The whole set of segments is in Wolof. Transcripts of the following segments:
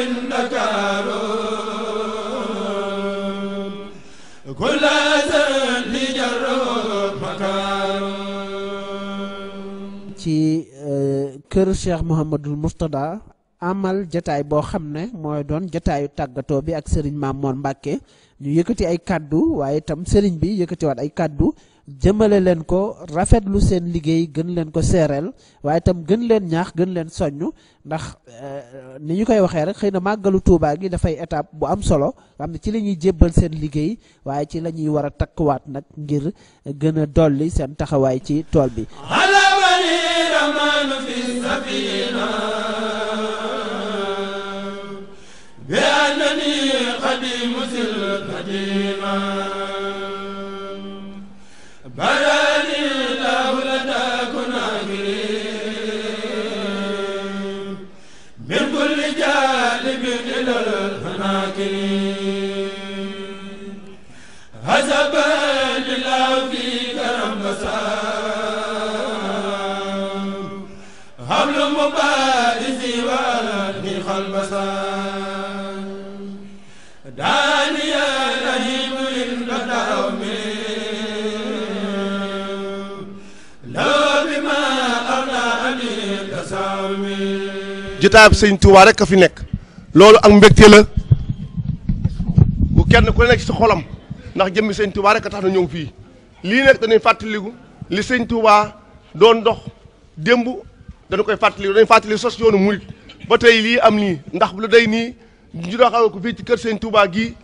ci kër Cheikh Mouhamadul Mourtada amal jataay boo xam ne mooy doon jataayu tàggatoo bi ak sëriñ Mamour Mbacke ñu yëkkati ay kàddu waaye itam sëriñ bi yëkkatiwaat ay kàddu jëmale leen ko rafet lu seen liggéey gën leen ko seereel waaye itam gën leen ñaax gën leen soññ ndax euh, ni ñu koy waxee rek xëy na màggalu Tuubaa gi dafay étape bu am solo nga xam ne ci la ñuy jébbal seen liggéey waaye ci lañuy ñuy war a takkuwaat nag ngir gën a dolli seen taxawaay ci tool bi. bi annani qadimu sil qadima jotaayam sëñ tuubaa rek a fi nekk loolu ak mbégte la bu kenn ku nekk ci xolam ndax jëmmi sëñ Touba rek a tax na ñëw fii lii nag dañuy fàttaliku li sëñ tuubaa doon dox démb dañu koy fàttaliku dañuy fàttali sos yoonu murit ba tey lii am nii ndax lu day nii ñu ko fii ci kër sëñ Touba gii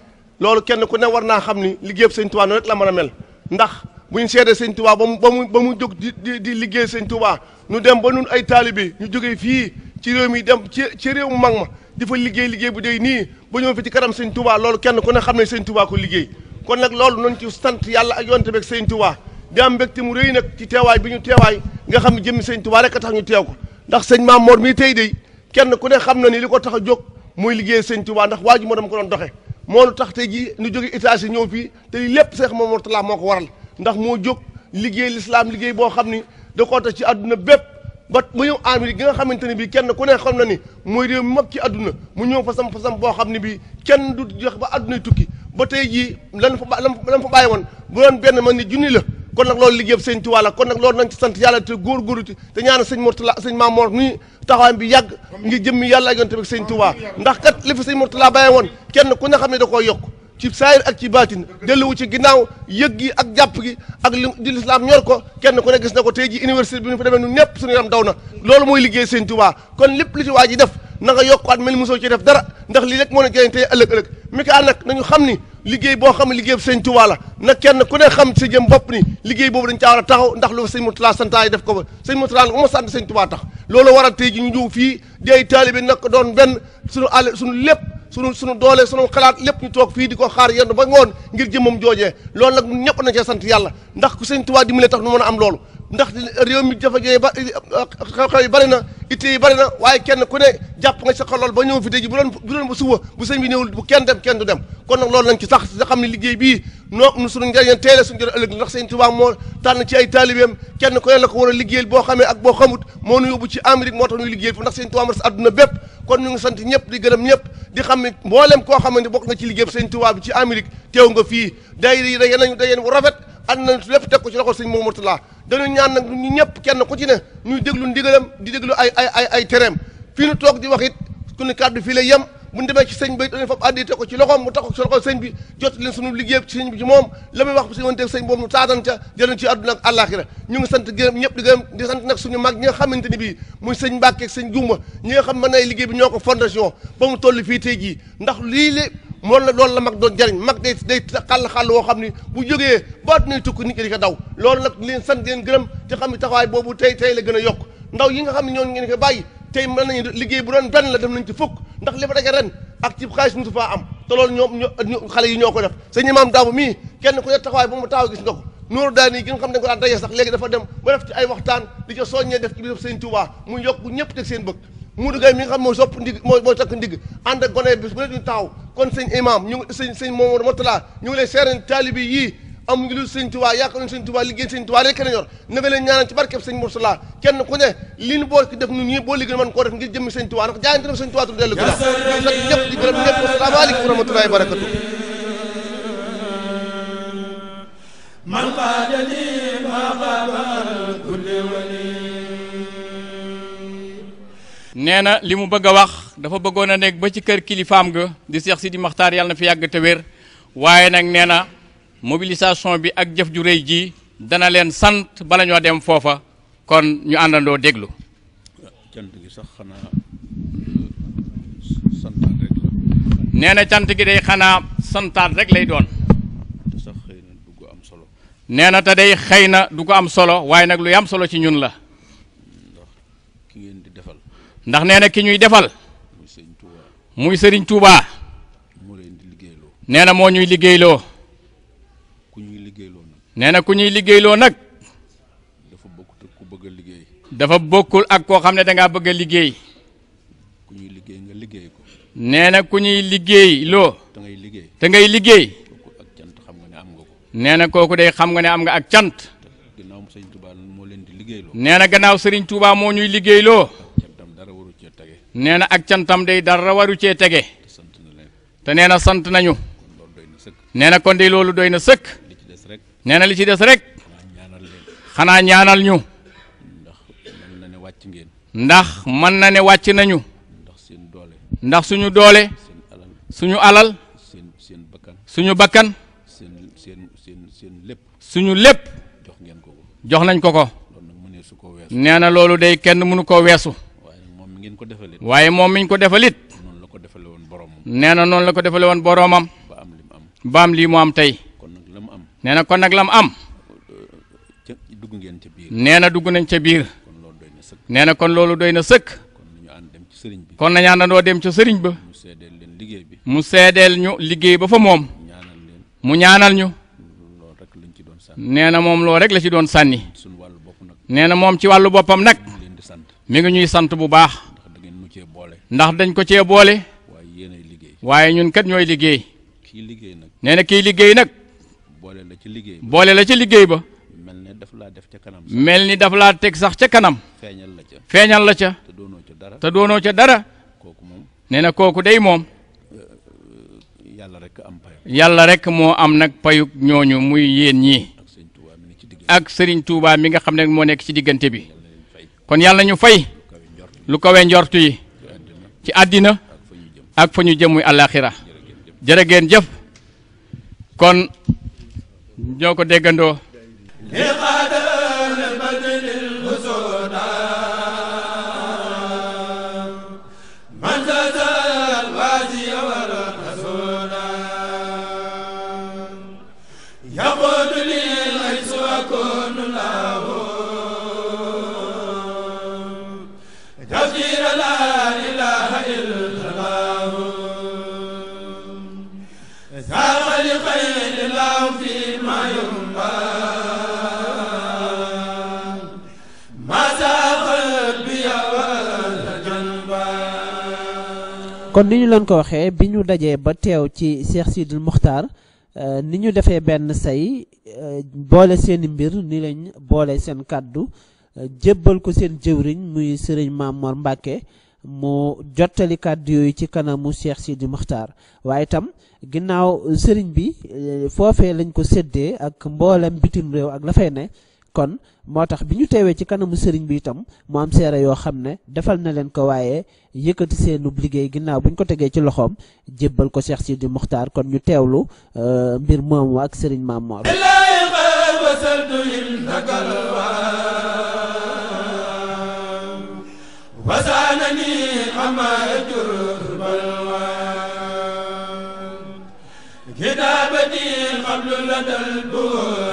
loolu kenn ku ne war naa xam ni liggéeyam sëñ Touba noonu rek la mën a mel ndax bu ñu seedee sëñ Touba ba mu ba mu ba mu jóg di di liggéey sëñ Touba ñu dem ba nun ay taalibe ñu jógee fii. ci réew mi dem ci ci réew mu mag ma di fa liggéey liggéey bu dee nii ba ñëw fi ci kanam sëñ Touba loolu kenn ku ne xam ne sëñ Touba ko liggéey kon nag loolu noonu ci sant yàlla ak yonte beeg sëñ Touba di am mbégte mu rëy nag ci teewaay bi ñu teewaay nga xam ne jëmmi sëñ Touba rek a tax ñu teew ko ndax sëñ Maam Mor mii tey de kenn ku ne xam na ni li ko tax a jóg muy liggéey sëñ Touba ndax waa ji moo dama ko doon doxee moonu tax tey ji nu jóge étage ñëw fii te li Seex Maam Mor Talla moo ko waral ndax moo jóg liggéey lislaam liggéey boo xam ni da koo ci àdduna bépp ba mu ñëw armée gi nga xamante ne bii kenn ku ne xam na ni mooy réew mi mag mu ñëw fa sam fa sam boo xam ne bii kenn du jox ba àddunay tukki ba tey jii lan fa ba lan fa bàyyi woon bu doon benn man ni junni la kon nag loolu liggéeyam sëñ Tuubaa la kon nag loolu nañ ci sant yàlla te góorgóorlu ci te ñaana sëñ Mourtala sëñ Maam Mor nii taxawaayam bi yàgg ngir jëmmi yàlla ak yoon tamit sëñ Tuubaa ndax kat li fi sëñ Mourtala woon kenn ku ne xam ne da koo yokk ci saayir ak ci baatin delluwu ci ginnaaw yëg gi ak jàpp gi ak li lislaam ñor ko kenn ku ne gis na ko tey ji université bi ñu fa demee nu ñëpp suñu yaram daw na loolu mooy liggéey seen Tuubaa kon lépp li ci waa ji def na nga yokkuwaat mel mosoo ci def dara ndax lii rek moo ne jëriñ tey ëllëg ëllëg mi kaa nag nañu xam ni liggéey boo xam liggéey seen Tuubaa la na kenn ku ne xam sa jëm bopp ni liggéey boobu dañ caa war a taxaw ndax lu ko sëñ Murtala santaay def ko ba sëñ Murtala bu ma sant sëñ Tuubaa tax loolu waral tey ji ñu ñëw fii di ay taalibe nag doon benn suñu àll suñu lépp sunu sunu doole sunu xalaat lépp ñu toog fii di ko xaar yenn ba ngoon ngir jëmmam jooje loolu nag ñun ñëpp nañ cee yàlla ndax ku sëñ Tuubaa dimbale tax nu mën a am loolu ndax réew mi jafe-jafe ba xew yi bari na itte yi bari na waaye kenn ku ne jàpp nga sa xol lool ba ñëw fi tey bu doon bu doon ba suba bu sëñ bi ñëwul bu kenn dem kenn du dem kon na loolu lañ ci sax nga xam ne liggéey bii noo suñu njëriñ teele suñu njëriñ ëllëg ndax sëñ Tuubaa moo tànn ci ay taalibeem kenn ku ne la ko war a liggéeyal boo ak boo xamut moo nu yóbbu ci Amérique moo tax ñuy liggéeyal fu ndax sëñ Tuubaa sa àdduna bépp kon ñu ngi sant ñëpp di gërëm ñëpp di xam ne mboolem koo xamante bokk nga ci liggéey sëñ Tuubaa bi ci Amérique teew nga fii day yi da da yeen bu rafet ànd nañ su lépp teg ko ci loxo sëñ Mame ñaan nag ñu ñëpp kenn ku ci ne ñuy ndigalam di déglu ay ay ay ay tereem fii nu toog di wax it ku ne kàddu fii lay yem bu mu demee ci sëñ bi dañu fab àddi teg ko ci loxoom mu moom la wax si wante sëñ boobu nu taatan ca jëloon ci àdduna ak àllaaxira ñu ngi sant gërëm ñëpp di gërëm di sant nag suñu mag ñi nga xamante ni bii muy sëñ Mbàkke ak sëñ Gumba ñi xam mën ay liggéey bi ñoo ko fondation ba mu toll fii tey jii ndax moom la loolu la mag doon jariñ mag day day xàll xàll woo xam ni bu jógee ba dinañ tukki nit ñi di ko daw loolu nag leen sant leen gërëm te xam ne taxawaay boobu tey tey la gën a yokk ndaw yi nga xam ne ñoon ngeen ko bàyyi tey mën nañu liggéey bu doon benn la dem nañ ci fukk ndax li fa daje ren ak ci xaalis am te loolu xale yi ñoo ko def sëñ Imaam Daabu mii kenn ku ne taxawaay bu mu taxaw gis nga ko nooru daan yi gi nga xam ne dañ ko daan daje sax léegi dafa dem ba def ci ay waxtaan di ca soññee def ci bisab sëñ Tuubaa mu yokk ñëpp teg seen bëgg Modou Gueye mi nga xam mooy sopp ndig moo mooy takk ndig ànd ak gone bis bu ne duñu taxaw kon sëñ imam ñu ngi sëñ sëñ Momar Matala ñu ngi lay seeran taalibi yii amuñu lu sëñ Tuubaa yaakaar nañu sëñ Tuubaa liggéey sëñ Tuubaa rekk la ñor na nga leen ñaanal ci barkeb sëñ Mursalaa kenn ku ne li ñu boo def ñun ñii boo liggéey mën koo def ngir jëmmi sëñ Tuubaa ndax jaayante def sëñ Tuubaa tudd dellu ginnaaw nag ñëpp di gërëm ñëpp asalaamaaleykum wa ma qaabal nee na li mu bëgg a wax dafa bëggoon a nekk ba ci kër kilifaam ga di Cheikh di Makhtar yàlla na fi yàgg te wér waaye nag nee na mobilisation bi ak jëf ju rëy ji dana leen sant bala ñoo dem foofa kon ñu àndandoo déglu. cant gi sax euh, na cant gi day xanaa santaat rek lay doon. te xëy na am solo. nee na te day xëy na du ko am solo waaye nag luy am solo ci ñun la. ndax nee na ki ñuy defal muy sëriñ Touba nee na moo ñuy liggéeyloo nee na ku ñuy liggéeyloo nag dafa bokkul ak koo xam ne da ngaa bëgg a liggéey nee na ku ñuy liggéey loo te ngay liggéey nee na kooku dey xam nga ne am nga ak cant nee na gannaaw sëriñ Touba moo ñuy liggéeyloo nee na ak cantam day dara waru cee tege te nee na sant nañu nee na kon de loolu doy na sëkk nee na li ci des rek xanaa ñaanal ñu ndax mën na ne wàcc nañu ndax suñu doole suñu alal suñu bakkan suñu lépp jox nañ ko ko nee na loolu day kenn mënu koo weesu ngeen ko defalit waaye moom miñ ko defalit noonu la ko defale woon boromam nee na noonu la ko defale woon boromam ba am mu am ba lii mu am tey kon nag la am nee na kon nag lam am dugg ngeen ca biir nee na dugg nañ ca biir kon loolu doy na sëkk nee na kon loolu doy na sëkk kon dem sëriñ bi kon nañu àndandoo dem ca sëriñ ba mu seedeel leen liggéey bi mu seedeel ñu liggéey ba fa moom ñaanal leen mu ñaanal ñu loolu rek ci doon sànni nee na moom loolu rek la ci doon sànni nee na moom ci wàllu boppam nag mi ngi ñuy sant bu cee boole. ndax dañ ko cee boole. waaye yéenay liggéey. waaye ñun kat ñooy liggéey. kii liggéey nag. nee na kii liggéey nag. boole la ci liggéey ba. boole la ci liggéey ba. mel ni daf laa def ca kanam. mel ni daf laa teg sax ca kanam. feeñal la ca. feeñal la ca. te doonoo ca dara. te doonoo ca dara. kooku moom. nee na kooku day moom. Eh, yàlla rek am yàlla rek moo am nag payug ñooñu muy yéen ñii. ak sëriñ Touba mi nga xam ne moo nekk ci diggante bi. kon yàlla ñu fay. lu kawe njortu yi. ci àddina ak fa ñu jëm muy àllaaxira jërë jëf kon ñoo ko déggandoo kon ni ñu leen ko waxee bi ñu dajee ba teew ci Cheikh Sidil Muxtaar euh, ni ñu defee benn say euh, boole seeni mbir ni lañ boole seen kàddu euh, jébbal ko seen jëwriñ muy sëriñ Mamor Mbàkke mu jottali kàddu yooyu ci kanamu Cheikh Sidi Muxtaar waaye itam ginnaaw sëriñ bi foofee lañ ko seddee ak mboolem bitim réew ak la fay ne kon moo tax bi ñu teewee ci kanamu sëriñ bi itam mu am seere yoo xam ne defal na leen ko waaye yëkkati seenub liggéey ginnaaw bu ñu ko tegee ci loxoom jébbal ko Cheikh Sidi Muxtaar kon ñu teewlu euh, mbir moomu ak sëriñ Maam Mor كتابتي قبل لدى البور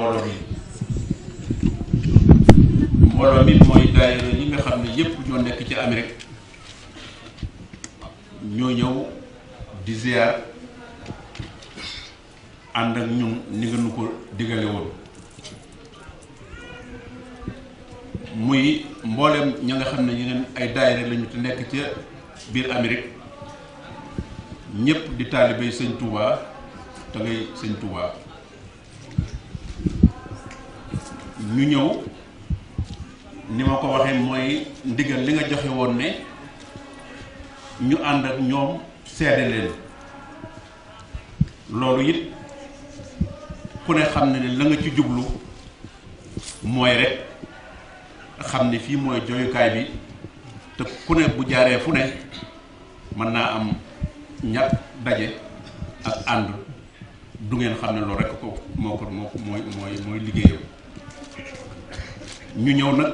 mbooloo mi mbooloo mi mooy daayira nga xam ne yépp ñoo nekk ci Amérique ñoo ñëw di ziar ànd ak ñun ni nga nu ko digale woon muy mboolem ña nga xam ne yeneen ay daayira lañu te nekk ca biir Amérique ñépp di taalibey sëñ Touba te ngay sëñ Touba. ñu ñëw ni ma ko waxee mooy ndigal li nga joxe woon ne ñu ànd ak ñoom seede loolu it ku ne xam ne ne la nga ci jublu mooy rek xam ne fii mooy joyukaay bi te ku ne bu jaaree fu ne mën naa am ñàkk daje ak ànd du ngeen xam ne loolu rek ko moo ko moo mooy mooy mooy liggéeyam ñu ñëw nag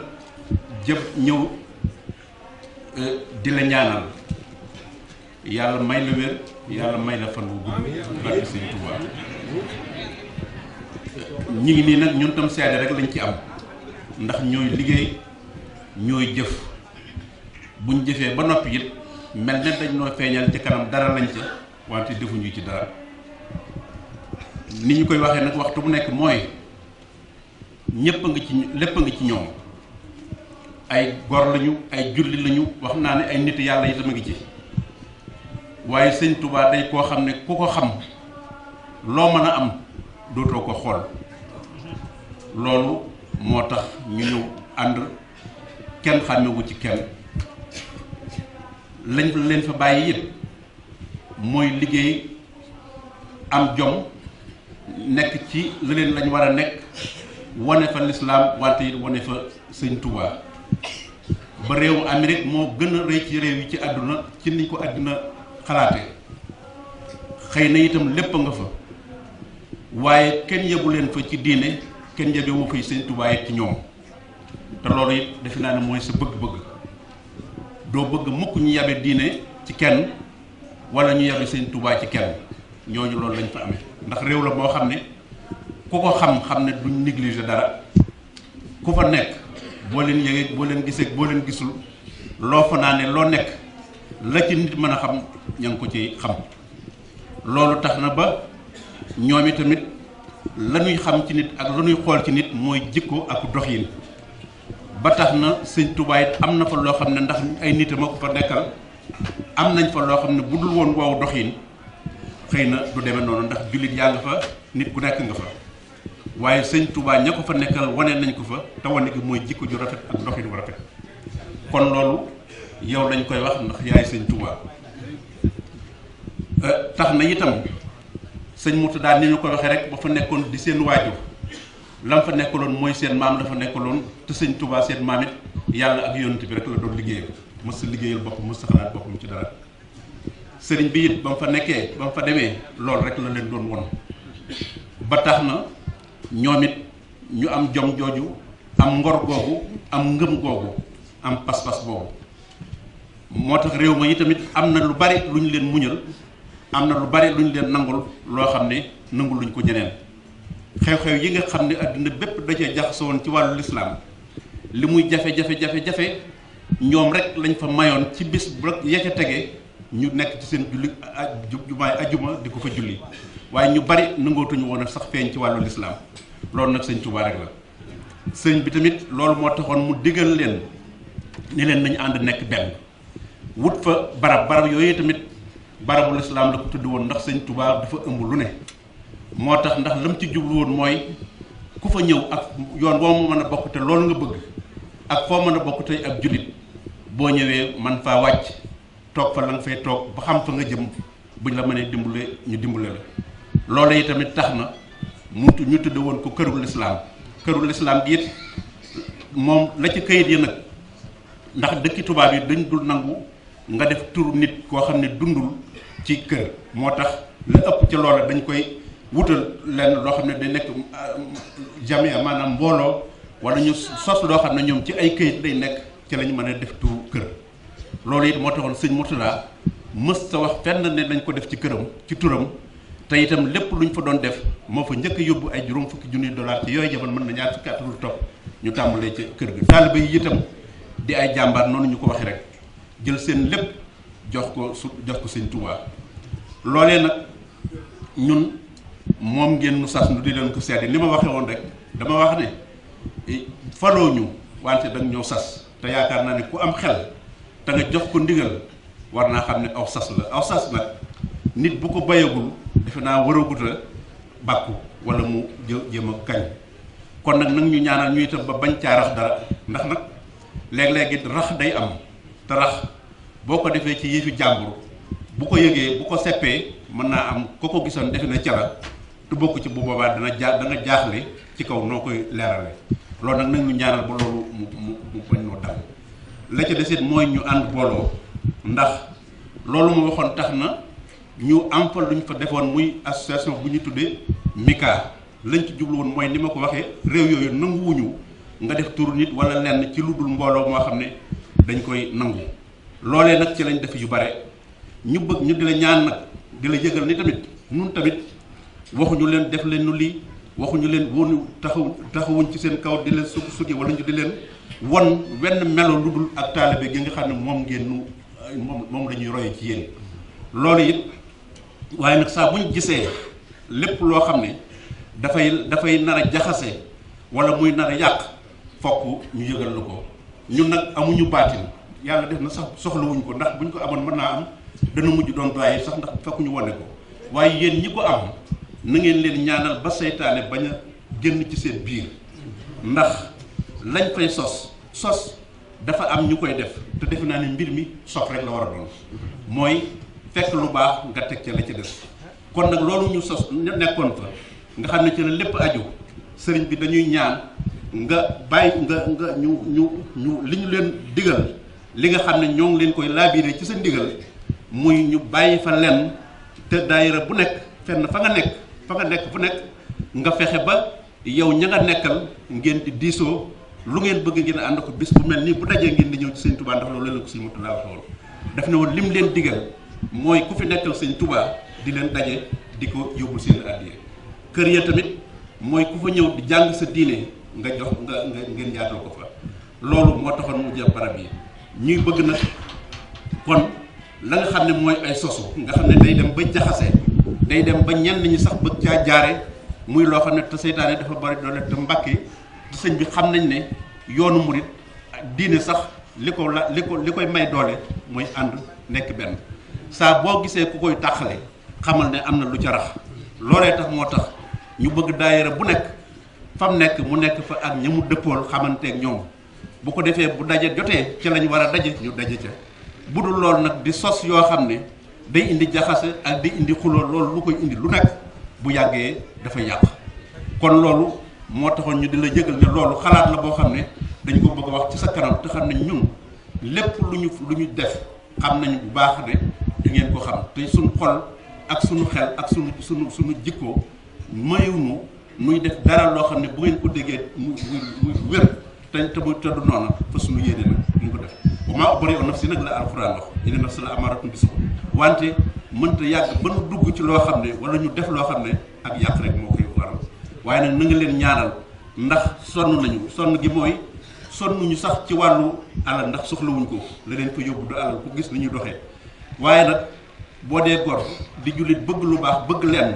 jëpp ñëw euh, di la ñaanal yàlla may la wér yàlla may la fan wu gudd barke Sëñ Tuubaa ñi ngi nii nag ñun tam seede rek lañ ci am ndax ñooy liggéey ñooy jëf buñ jëfee ba noppi it mel ne dañ noo feeñal ci kanam dara lañ ca wante defuñu ci dara ni ñu koy waxee nag waxtu bu nekk mooy ñëpp a nga ci nga ci ñoom ay gor lañu ay julli lañu wax naa ne ay nit yàlla itam a ngi ci waaye sëñ Touba day koo xam ne ku ko xam loo mën a am dootoo ko xool loolu moo tax ñu ñëw ànd kenn xàmmewu ci kenn lañ leen fa bàyyi it mooy liggéey am jom nekk ci la leen lañ war a nekk wane fa lislaam wante it wone fa sëñ Touba ba réewu Amérique moo gën a rëy ci réew yi ci àdduna ci niñ ko àdduna xalaate xëy na itam lépp nga fa waaye kenn yebu leen fa ci diine kenn yebu ma fay sëñ Touba it ci ñoom te loolu it defe naa ne mooy sa bëgg-bëgg doo bëgg mukk ñu yabe diine ci kenn wala ñu yabe sëñ Touba ci kenn ñooñu loolu lañ fa amee ndax réew la moo xam ne ku ko xam xam ne duñ négliger dara ku fa nekk boo leen yëgee boo leen gisee boo leen gisul loo fa naa ne loo nekk la ci nit mën a xam ña ko ci xam loolu tax na ba ñoom tamit la ñuy xam ci nit ak la ñuy xool ci nit mooy jikko ak doxin ba tax na sëñ Tuubaa am na fa loo xam ne ndax ay nit ma ko fa nekkal am nañ fa loo xam ne bu dul woon woowu doxin xëy na du demee noonu ndax jullit yaa fa nit ku nekk nga fa waaye sëñ Touba ña ko fa nekkal wane nañ ko fa te wane mooy jikko ju rafet ak doxin bu rafet kon loolu yow lañ koy wax ndax yaay sëñ Touba euh, tax na itam sëñ daal ni ñu koy waxee rek ba fa nekkoon di seen waajur lam fa nekkaloon mooy seen maam dafa nekkaloon te sëñ tubaa seen maam it yàlla ak yonent bi rek la doon liggéeyal mës sa liggéeyal bopp mës sa xalaat boppam ci dara sëriñ bi it ba mu fa nekkee ba mu fa demee loolu rek la leen doon won na ñoom it ñu am jom jooju am ngor googu am ngëm googu am pas-pas boobu moo tax réew ma yi tamit am na lu bari lu ñu leen muñal am na lu bari lu ñu leen nangul loo xam ne nangul luñ ko ñeneen xew-xew yi nga xam ne àdduna bépp da cee jaxasoo woon ci wàllu lislaam li muy jafe-jafe jafe-jafe ñoom rek lañ fa mayoon ci bis bu rek ya ca tege ñu nekk ci seen julli jumaay ajuma di ko fa julli waaye ñu bari nangootuñu woon a sax feeñ ci wàllu lislaam loolu nag sëñ Tuubaa rek la sëñ bi tamit loolu moo taxoon mu diggal leen ni leen nañu ànd nekk benn wut fa barab barab yooyu tamit barabu lislaam la ko tudd woon ndax sëñ Tuubaa dafa ëmb lu ne moo tax ndax lam ci jublu woon mooy ku fa ñëw ak yoon woo mën a bokk te loolu nga bëgg ak foo mën a bokk tey ab jullit boo ñëwee man faa wàcc toog fa la nga fay toog ba xam fa nga jëm buñ la mënee dimbale ñu dimbale la loola yi tamit tax na mu ñu tudd woon ko kërul islaam kërul islaam gi it moom la ci këyit yi nag ndax dëkki tubaab yi dañ dul nangu nga def tur nit koo xam ne dundul ci kër moo tax la ëpp ci loola dañ koy wutal lenn loo xam ne day nekk euh, jamia maanaam mbooloo wala ñu sos loo xam ne ñoom ci ay kayit day nekk ci lañu mën def turu kër loolu it moo taxoon sëñ Murtada mës sa wax fenn ne dañ ko def ci këram ci turam te itam lépp lu ñu fa doon def moo fa njëkk yóbbu ay juróom fukki junni dollar ci yooyu jamono mën na ñaar fukki at lu topp ñu tàmbalee ci kër gi taaliba yi itam di ay jàmbaar noonu ñu ko waxee rek jël seen lépp jox ko su jox ko sëñ Tuubaa loolee nag ñun moom ngeen nu sas nu di leen ko seede li ma waxee woon rek dama wax ne faloo ñu wante danga ñëw sas te yaakaar naa ne ku am xel te nga jox ko ndigal war naa xam ne aw sas la aw sas nag nit bu ko bayagul defe naa waragut a bàkku walla mu jë jéem a kañ kon nag nag ñu ñaanal ñu itam ba bañ caa rax dara ndax nag léeg-léeg rax day am te rax boo ko defee ci yëfi jàmbur bu ko yëgee bu ko seppee mën naa am ko ko gisoon defe na ca la te bokk ci bu boobaa dana jaa dana jaaxle ci kaw noo koy leerale loolu nag nag ñu ñaanal ba loolu mu mu mu bañ noo dal la ca des it mooy ñu ànd booloo ndax loolu mu waxoon tax na ñu am fa lu ñu fa defoon muy association bu ñu tuddee Mika lëñ ci jublu woon mooy ni ma ko waxee réew yooyu nanguwuñu nga def tur nit wala lenn ci lu dul mbooloo moo xam ne dañ koy nangu loolee nag ci lañ def yu bare ñu bëgg ñu di la ñaan nag di la yëgal ni tamit nun tamit waxuñu leen def leen nu lii waxuñu leen woonu taxaw taxawuñ ci seen kaw di leen su suge wala ñu di leen won wenn melo lu dul ak taalibe gi nga xam ne moom ngeen nu moom moom la ñuy roye ci yéen waaye nag saa bu ñu gisee lépp loo xam ne dafay dafay nar a jaxase wala muy nar a yàq fokk ñu yëgal la ko ñun nag amuñu baatin yàlla def na sax soxlawuñ ko ndax buñ ko amoon mën naa am dana mujj doon doyee sax ndax fekk ñu ko waaye yéen ñi ko am na ngeen leen ñaanal ba seytaane bañ a génn ci seen biir ndax lañ fay sos sos dafa am ñu koy def te defe naa ne mbir mi sof rek la war a doon mooy. fekk lu baax nga teg ca la ca des kon nag loolu ñu sos nekkoon fa nga xam ne ci la lépp aju sëriñ bi dañuy ñaan nga bàyyi nga nga ñu ñu ñu li ñu leen digal li nga xam ne ñoo ngi leen koy laabiré ci seen ndigal muy ñu bàyyi fa lenn te daayira bu nekk fenn fa nga nekk fa nga nekk fu nekk nga fexe ba yow ña nga nekkal ngeen di diisoo lu ngeen bëgg ngeen ànd ko bis bu mel nii bu dajee ngeen di ñëw ci sëriñ Tuubaa ndax loolu leen ko sëriñ Murtalaa waxoon daf ne woon lim leen diggal mooy ku fi nekkal sëñ Touba di leen daje di ko yóbbul seen addiya kër ya tamit mooy ku fa ñëw di jàng sa diine nga jox nga nga ngeen yaatal ko fa loolu moo taxoon mu jël barab yi ñuy bëgg nag kon la nga xam ne mooy ay sosu nga xam ne day dem ba jaxase day dem ba ñenn ñi sax bëgg caa jaare muy loo xam ne te seytaane dafa bari doole te mbàkke te sëñ bi xam nañ ne yoonu murit diine sax li ko la li ko li koy may doole mooy ànd nekk benn saa boo gisee ku koy taxale xamal ne am na lu ca rax loolee tax moo tax ñu bëgg daayare bu nekk fam nekk mu nekk fa ak ña mu dëppool xamanteeg ñoom bu ko defee bu dajee jotee ca lañu war a daje ñu daje ca bu dul lool nag di sos yoo xam ne day indi jaxase ak di indi xuloo loolu lu koy indi lu nekk bu yàggee dafa yàq kon loolu moo taxoon ñu di la yëgal ne loolu xalaat la boo xam ne dañ ko bëgg wax ci sa kanam te xam ne ñun lépp lu ñu lu ñu def xam nañu bu baax ne ngeen ko xam te suñu xol ak suñu xel ak suñu suñu suñu jikko mayuñu muy def dara loo xam ne bu ngeen ko déggee mu mu wér te te mu te noonu fa suñu yéene nag duñ ko def wa maa ubarri'u nafsi nag la alxuraan wax inna nafsa la amaaratun bi suu wante mënta yàgg ba nu dugg ci loo xam ne wala ñu def loo xam ne ak yàq rek moo koy waral waaye nag na nga leen ñaanal ndax sonn nañu sonn gi mooy sonnuñu sax ci wàllu alal ndax soxlawuñ ko la leen ko yóbbu du alal gis ni ñu doxee waaye nag boo dee gor di jullit bëgg lu baax bëgg lenn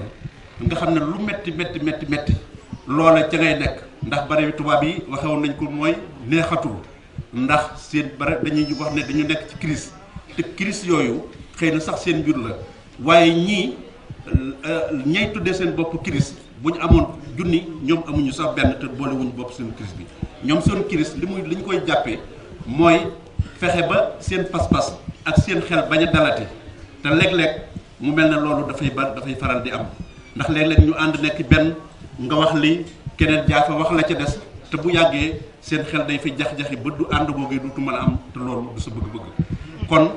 nga xam ne lu metti metti metti metti loola ca ngay nekk ndax bare tubaab yi waxewoon nañ ko mooy neexatul ndax seen bare dañuy wax ne dañu nekk ci crise te crise yooyu xëy na sax seen mbir la waaye ñii euh, ñay tuddee seen bopp crise bu ñu amoon junni ñoom amuñu sax benn te boolewuñu bopp seen crise bi ñoom seen crise li muy li koy jàppee mooy fexe ba seen pas-pas ak seen xel bañ a dalati te léeg-léeg mu mel ne loolu dafay ba dafay faral di am ndax léeg-léeg ñu ànd nekk benn nga wax li keneen jaafa wax la ca des te bu yàggee seen xel day fi jax-jaxi ba du ànd googu duutu mën a am te loolu du sa bëgg-bëgg kon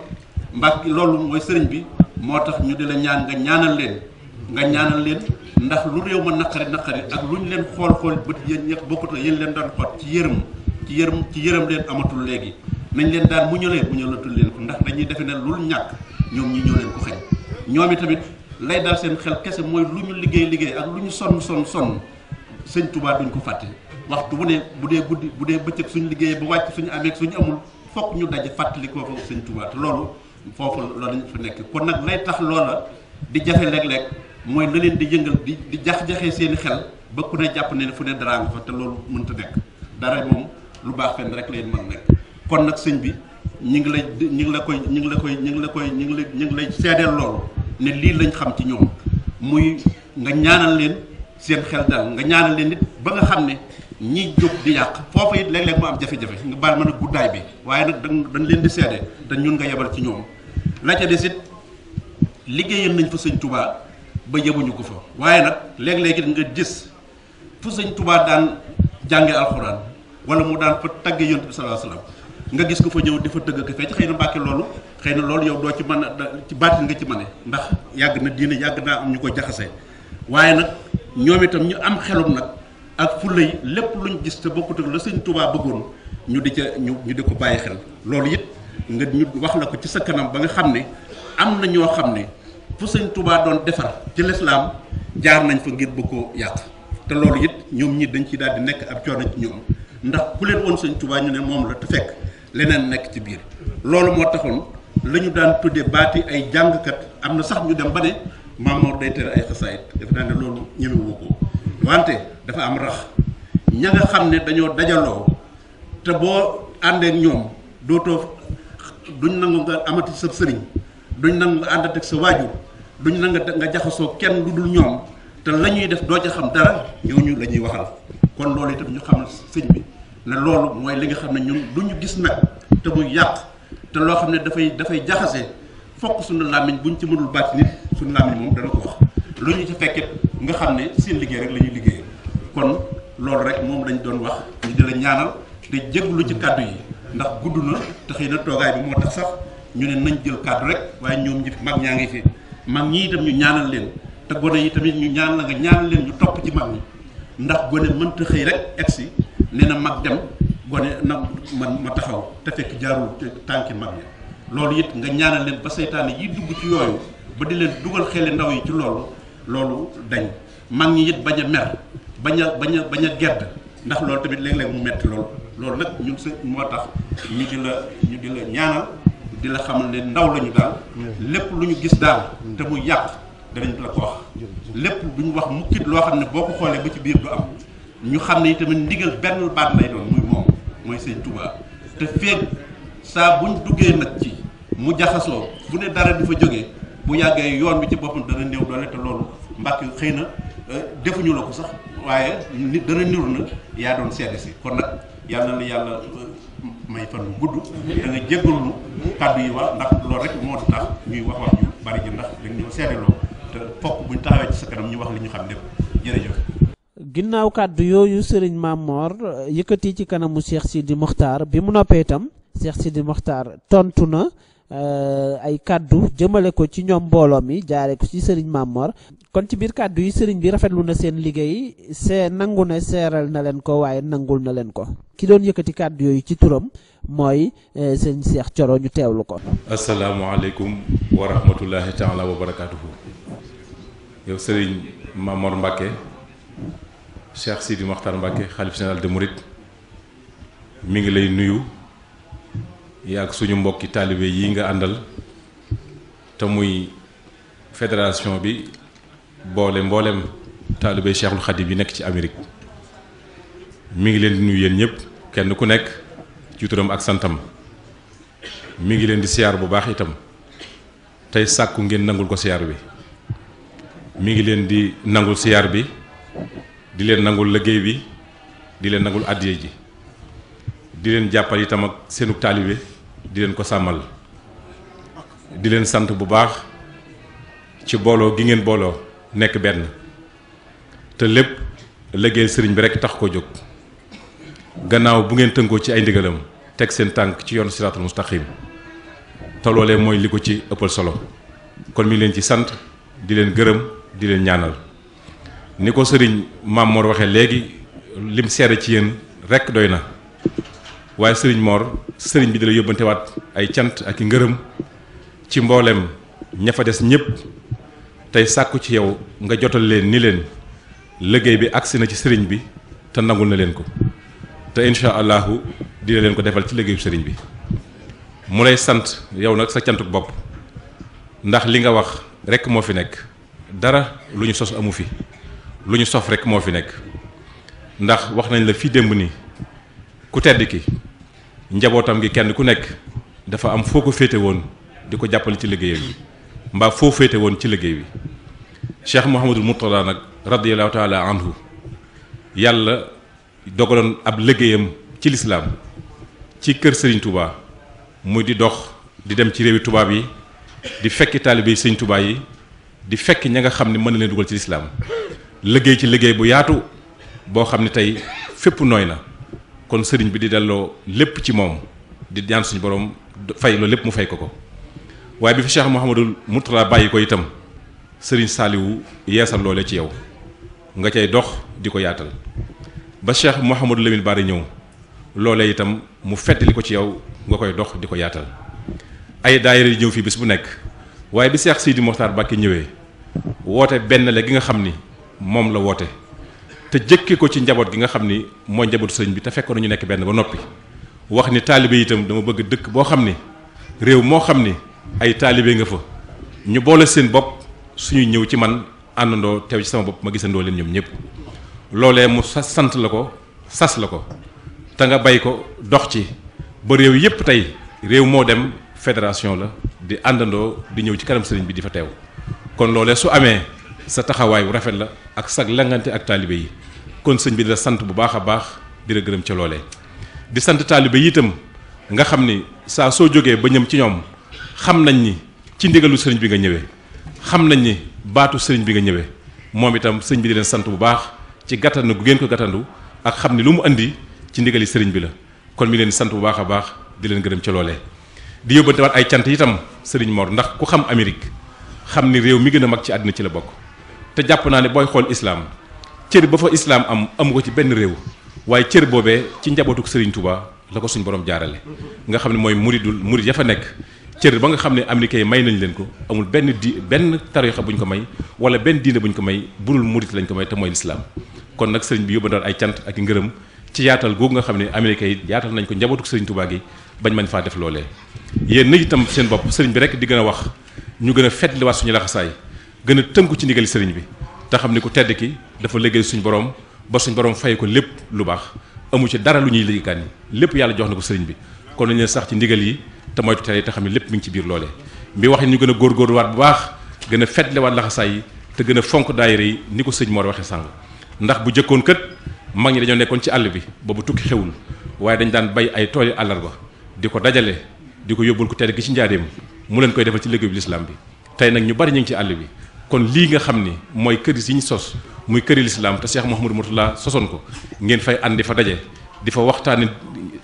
mbaa loolu mooy sëriñ bi moo tax ñu di la ñaan nga ñaanal leen nga ñaanal leen ndax lu réew ma naqari naqari ak lu ñu leen xool xool bët yéen ñëpp bokkut la yéen leen daan xool ci yërëm ci yërëm ci yërëm leen amatul léegi nañ leen daan mu ñëlee mu leen ko ndax dañuy defe ne lu ñàkk ñoom ñi ñoo leen ko xëy ñoom i tamit lay dal seen xel kese mooy lu ñu liggéey liggéey ak lu ñu sonn sonn sonn sëñ tubaat duñ ko fàtte waxtu bu ne bu dee guddi bu dee bëccëg suñu liggéeyee ba wàcc suñu amee suñu amul fokk ñu daje fàttali ko fa sëñ loolu foofu loolu lañ fa nekk kon nag lay tax loola di jafe léeg-léeg mooy la leen di yëngal di di jax-jaxee seen xel ba ku ne jàpp ne fu ne dara nga te loolu mënta nekk dara moom lu baax fenn rek lay mën nekk kon nag sëñ bi ñu ngi lay ñu ngi la koy ñu ngi la koy ñu ngi la koy ñu ngi la ñu ngi lay seedeel loolu ne lii lañ xam ci ñoom muy nga ñaanal leen seen xel daal nga ñaanal leen nit ba nga xam ne ñiy jóg di yàq foofu it léeg-léeg mu am jafe-jafe nga baal ma nag guddaay bi waaye nag dañ leen di seede te ñun nga yebal ci ñoom la ca des it liggéeyal nañ fa sëñ tubaa ba yebuñu ko fa waaye nag léeg-léeg it nga gis fu sëñ tubaa daan jànge alxuraan wala mu daan fa tagge yonent bi nga gis ko fa ñëw dafa tëgg ko fecc xëy na mbàkke loolu xëy na loolu yow doo ci mën a ci baatin nga ci ne ndax yàgg na diine yàgg naa am ñu ko jaxase waaye nag ñoom itam ñu am xelum nag ak fulla yi lépp luñ gis te bokkut ak la sëñ Tuubaa ñu di ca ñu ñu di ko bàyyi xel loolu it nga ñu wax la ko ci sa kanam ba nga xam ne am na ñoo xam ne fu sëñ Tuubaa doon defar ci lislaam jaar nañ fa ngir bu ko yàq te loolu it ñoom ñii dañ ciy daal di nekk ab coono ci ñoom ndax ku leen woon sëñ tubaa ñu ne moom la te fekk leneen nekk ci biir loolu moo taxoon la ñu daan tudde baati ay jàngkat am na sax ñu dem ba ne Maamoor day tere ay xasaayit def naa ne loolu ñemewu ko wante dafa am rax ña nga xam ne dañoo dajaloo te boo àndeek ñoom dootoo duñ nangu nga amati sa sëriñ duñ nangu nga àndate ak sa waajur duñ nangu nga jaxasoo kenn lu dul ñoom te la ñuy def doo ca xam dara ñooñu la ñuy waxal kon loolu itam ñu xamal sëñ bi ne loolu mooy li nga xam ne ñoom lu ñu gis nag te muy yàq te loo xam ne dafay dafay jaxase fokk suñu làmmiñ buñ ci mënul bàcc nit suñu làmmiñ moom dana ko wax lu ñu ci fekkit nga xam ne seen liggéey rek la ñuy liggéey kon loolu rek moom lañ doon wax ñu di la ñaanal te jéglu ci kàddu yi ndax gudd na te xëy na toogaay bi moo tax sax ñu ne nañ jël kàddu rek waaye ñoom ñi mag ñaa ngi fi mag ñi itam ñu ñaanal leen te gone yi tamit ñu ñaan la nga ñaanal leen ñu topp ci mag ñi ndax gone mënta xëy rek egsi nee na mag dem gone na man ma taxaw te fekk jaarul tànki mag ya loolu it nga ñaanal leen ba seytaane yi dugg ci yooyu ba di leen dugal xeli ndaw yi ci loolu loolu dañ mag ñi it bañ a mer bañ a bañ a bañ a gedd ndax loolu tamit léeg-léeg mu metti loolu loolu nag ñun sa moo tax ñu di la ñu di la ñaanal di la xamal ne ndaw lañu daal lépp lu ñu gis daal te mu yàq danañ la ko wax lépp ñu wax mukkit loo xam ne boo ko xoolee ba ci biir bu am ñu xam ne tamit ndigal benn baat lay doon muy moom mooy sëñ Touba te feeg saa buñ duggee nag ci mu jaxasoo bu ne dara di fa jógee bu yàggee yoon bi ci boppam dana néew doole te loolu mbàkk xëy na euh, defuñu la ko sax waaye nit dana niru na yaa doon si kon nag yàlla na yàlla euh, may fan gudd da nga wax ndax loolu rek moo tax ñuy wax wax ju bari ji ndax dañ te fokk buñu taxawee ci sa kanam ñu wax li ñu xam lépp jërëjëf ginnaaw kàddu yooyu sëriñ Mamor euh, yëkkati ci kanamu Cheikh Sidi Mokhtar bi mu noppee itam Cheikh Sidi Mokhtar tontu na euh, ay kàddu jëmale ko ci ñoom mbooloo mi jaare ko ci sëriñ Mamor kon ci biir kàddu yi sëriñ bi rafetlu na seen liggéey see nangu ne seeral na leen ko waaye nangul na leen ko ki doon yëkkati kàddu yooyu ci turam mooy euh, sëriñ Cheikh Thioro ñu teewlu ko. asalaamualeykum wa rahmatulahi taala wa barakaatuhu. yow sëriñ Mamor Mbacke. Cheikh Sidi Makhtar Mbacke xalif général de Mouride mi ngi lay nuyu yaa suñu mbokki taalibe yi nga àndal te muy fédération bi boole mboolem taalibe Cheikhul Khadim bi nekk ci Amérique mu ngi leen di nuyu yéen ñëpp kenn ku nekk ci turam ak santam mu ngi leen di siyaar bu baax itam tey sàkku ngeen nangul ko siyaar bi mi ngi leen di nangul siyaar bi di leen nangul liggéey bi di leen nangul addiye ji di leen jàppal itam ak seenu taalibe di leen ko sàmmal di leen sant bu baax ci booloo gi ngeen booloo nekk benn te lépp liggéey sëriñ bi rekk tax ko jóg gannaaw bu ngeen tënkoo ci ay ndigalam teg seen tànk ci yoonu siraatul mustaqim te loolee mooy li ko ci ëppal solo kon mi leen ci sant di leen gërëm di leen ñaanal ni ko sëriñ Maam Mor waxee léegi lim seere ci yéen rek doy na waaye sëriñ Mor sëriñ bi di la yóbbantewaat ay cant ak i ngërëm ci mbooleem ña fa des ñëpp tey sàkku ci yow nga jotal leen ni leen liggéey bi agsi na ci sëriñ bi te nangul na leen ko te incha allahu dina leen ko defal ci liggéeyu sëriñ bi mu lay sant yow nag sa cantuk bopp ndax li nga wax rekk moo fi nekk dara lu ñu sos amu fi. lu ñu sof rek moo fi nekk ndax wax nañ la fi démb ni ku tedd ki njabootam gi kenn ku nekk dafa am foo ko féete woon di ko jàppale ci liggéeyam bi mbaa foo féete woon ci liggéey bi cheikh Mouhamadul Mourtada nag radiyallahu taala anhu yàlla dogaloon ab liggéeyam ci lislaam ci kër Serigne Touba muy di dox di dem ci réewi tubaab yi di fekki taalibe yi Serigne yi di fekk ña nga xam ni mën na leen dugal ci lislaam liggéey ci liggéey bu yaatu boo xam ne tey fépp nooy na kon sëriñ bi di delloo lépp ci moom di ñaan suñu boroom fay loolu lépp mu fay ko ko waaye bi fi Cheikh Mouhamadul Mourtada bàyyi ko itam sëriñ Saaliwu yeesal loole ci yow nga cay dox di ko yaatal ba Cheikh Mouhamadul Lamine Bara ñëw loolee itam mu fettali ko ci yow nga koy dox di ko yaatal ay daayira yi ñëw fii bis bu nekk waaye bi Cheikh Sidi Mokhtar Mbacké ñëwee woote benn la gi nga xam ni moom la woote te jëkke ko ci njaboot gi nga xam ni mooy njabootu sëñ bi te fekkoon nañu nekk benn ba noppi wax ni taalibe itam dama bëgg dëkk boo xam ni réew moo xam ni ay taalibe nga fa ñu boole seen bopp suñuy ñëw ci man àndandoo teew ci sama bopp ma gisandoo leen ñoom ñëpp loolee mu sas sant la ko sas la ko te nga bay ko dox ci ba réew yépp tey réew moo dem fédération la di àndandoo di ñëw ci kanam sëriñ bi di fa teew kon loolee su amee sa taxawaay bu rafet la ak sag langante ak taalibe yi kon sëñ bi di la sant bu baax a baax di la gërëm ca loole di sant taalibe yi itam nga xam ni saa soo jógee ba ñëm ci ñoom xam nañ ni ci ndigalu sëriñ bi nga ñëwee xam nañ ni baatu sëriñ bi nga ñëwee moom itam sëñ bi di leen sant bu baax ci gàttandu gu ngeen ko gàttandu ak xam ni lu mu indi ci ndigali sëriñ bi la kon mi leen sant bu baax a baax di leen gërëm ca loole di yóbbantewaat ay cant itam sëriñ Mor ndax ku xam Amérique xam ni réew mi gën a mag ci àddina ci la bokk. te jàpp naa ne booy xool islaam cër ba fa islaam am amu ko ci benn réew waaye cër boobee ci njabootuk sëriñ Touba la ko suñu borom jaarale nga xam ne mooy muridul murid ya fa nekk cër ba nga xam ne américain yi may nañ leen ko amul benn di benn tarixa buñ ko may wala benn diine buñ ko may burul murid lañ ko may te mooy lislaam kon nag sëriñ bi yóbbandoon ay cant ak ngërëm ci yaatal googu nga xam ne américain yi yaatal nañ ko njabootuk Serigne Touba gi bañ man faa def loolee yéen itam seen bopp sëriñ bi rek di gën a wax ñu gën a fetliwaat suñu laxasaay gën a tënku ci ndigal sëriñ bi te xam ni ku tedd ki dafa liggéey suñu borom ba suñ borom fay ko lépp lu baax amu ci dara lu ñuy liggéeykat yi lépp yàlla jox na ko sëriñ bi kon nañ leen sax ci ndigal yi te moytu tere yi te lépp mi ngi ci biir loole mbi wax ñu gën a góorgóorluwaat bu baax gën a fetlewaat laxasaay yi te gën a fonk daayira yi ni ko sëñ Mor waxee sàng ndax bu jëkkoon kët mag ñi dañoo nekkoon ci àll bi boobu tukki xewul waaye dañ daan bay ay tooli àllarba di ko dajale di ko yóbbul ko tedd gi ci njaareem mu leen koy defal ci liggéey bi lislaam bi tey nag ñu bari ñu ci àll bi kon lii nga xam ni mooy kër yi ñu sos muy këri lislaam te Cheikh Mouhamadou Mourtala sosoon ko ngeen fay ànd di fa daje di fa waxtaane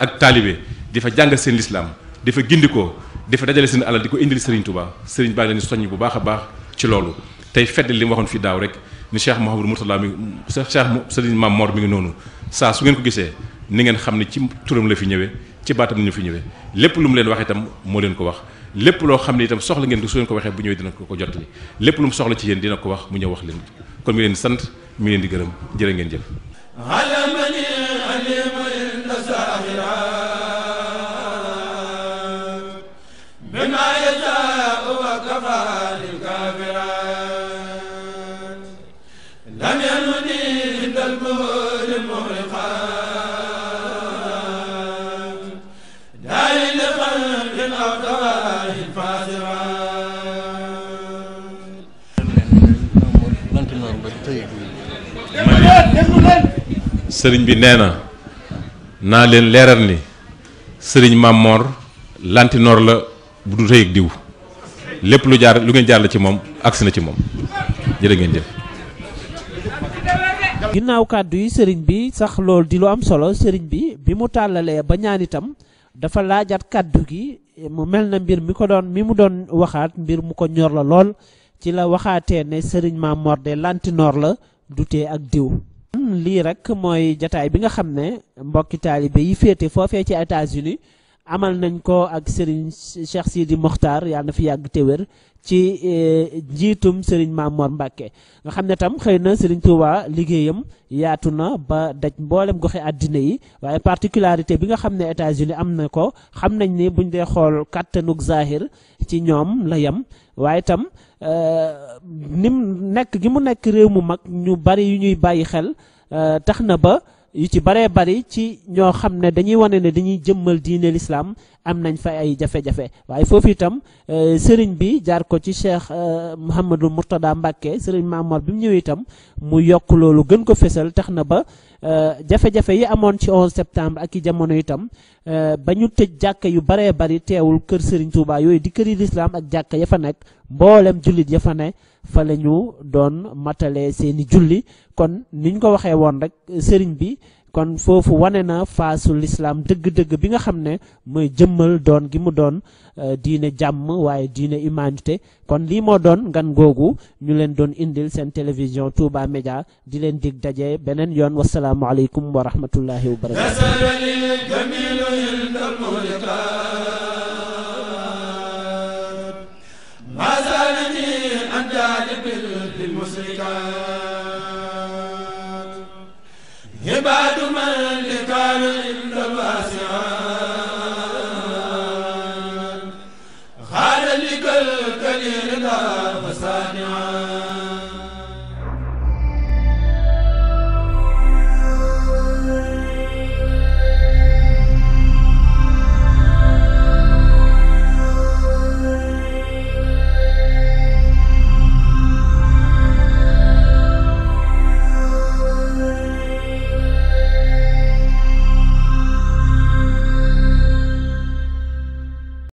ak taalibe di fa jàngal seen lislaam di fa gindikoo di fa dajale seen alal di ko indil Serigne Touba sëriñ baa ngi leen soññ bu baax a baax ci loolu tey fedd li mu waxoon fii daaw rek ni Cheikh Mouhamadou Mourtala mi Cheikh Serigne Mame Mor mi ngi noonu saa su ngeen ko gisee ni ngeen xam ne ci turam la fi ñëwee ci baatam ñu fi ñëwee lépp lu mu leen wax itam moo leen ko wax lépp loo xam ne itam soxla ngeen ko su leen ko waxee bu ñëwee dina ko ko jotali lépp lu mu soxla ci yéen dina ko wax mu ñëw wax leen kon mi leen sant mi leen di gërëm jërë ngeen jëf sëriñ bi nee na naa leen leeral ni sëriñ Mamor lantinoor la bu du ak diw lépp lu jaar lu ngeen jaar la ci moom agsi na ci moom jërë ngeen jëf. ginnaaw kàddu yi sëriñ bi sax loolu di lu am solo sëriñ bi bi mu tàllalee ba ñaan itam dafa laajaat kàddu gi mu mel na mbir mi ko doon mi mu doon waxaat mbir mu ko ñor la lool ci la waxaatee ne sëriñ Mamor de lantinoor la du tee ak diw. lii rek mooy jataay bi nga xam ne mbokki taalibe yi féete foofee ci États-Unis amal nañ ko ak Serigne Cheikh Sidi moxtaar yàlla na fi yàgg te ci eh, njiitum Serigne Mamor Mbacke nga xam ne tam xëy na Serigne Touba liggéeyam yaatu na ba daj mboolem goxe àddina yi waaye particularité bi nga xam ne États-Unis am na ko xam nañ ni buñ dee xool kàttanug zahir ci ñoom la yem waaye tam. Euh, nim nekk gi mu nekk réew mu mag ñu bari yu ñuy bàyyi xel euh, tax na ba yu ci baree bari ci ñoo xam ne dañuy wane ne dañuy jëmmal diine lislaam am nañ fa ay jafe-jafe waaye foofu itam euh, sëriñ bi jaar ko ci cheikh Mouhamadul Mourtada Mbacke sëriñ Mamor bi mu ñëwee itam mu yokk loolu gën ko fésal tax na ba Euh, jafe-jafe yi amoon ci 11 septembre ak i jamono itam euh, ba ñu tëj jàkka yu baree bari teewul kër Serigne Touba yooyu di këri lislaam ak jàkka ya fa nekk mbooleem jullit ya fa ne fa la ñu doon matale seeni julli kon ni ñu ko waxee woon rek Serigne bi. kon foofu wane na faasu lislaam dëgg-dëgg bi nga xam ne mooy jëmmal doon gi mu doon euh, diine jàmm waaye diine humanité kon lii moo doon ngan googu ñu leen doon indil seen télévision Touba Média di leen dig daje beneen yoon wasalaamualeykum wa rahmatullahi wa barakatu amiin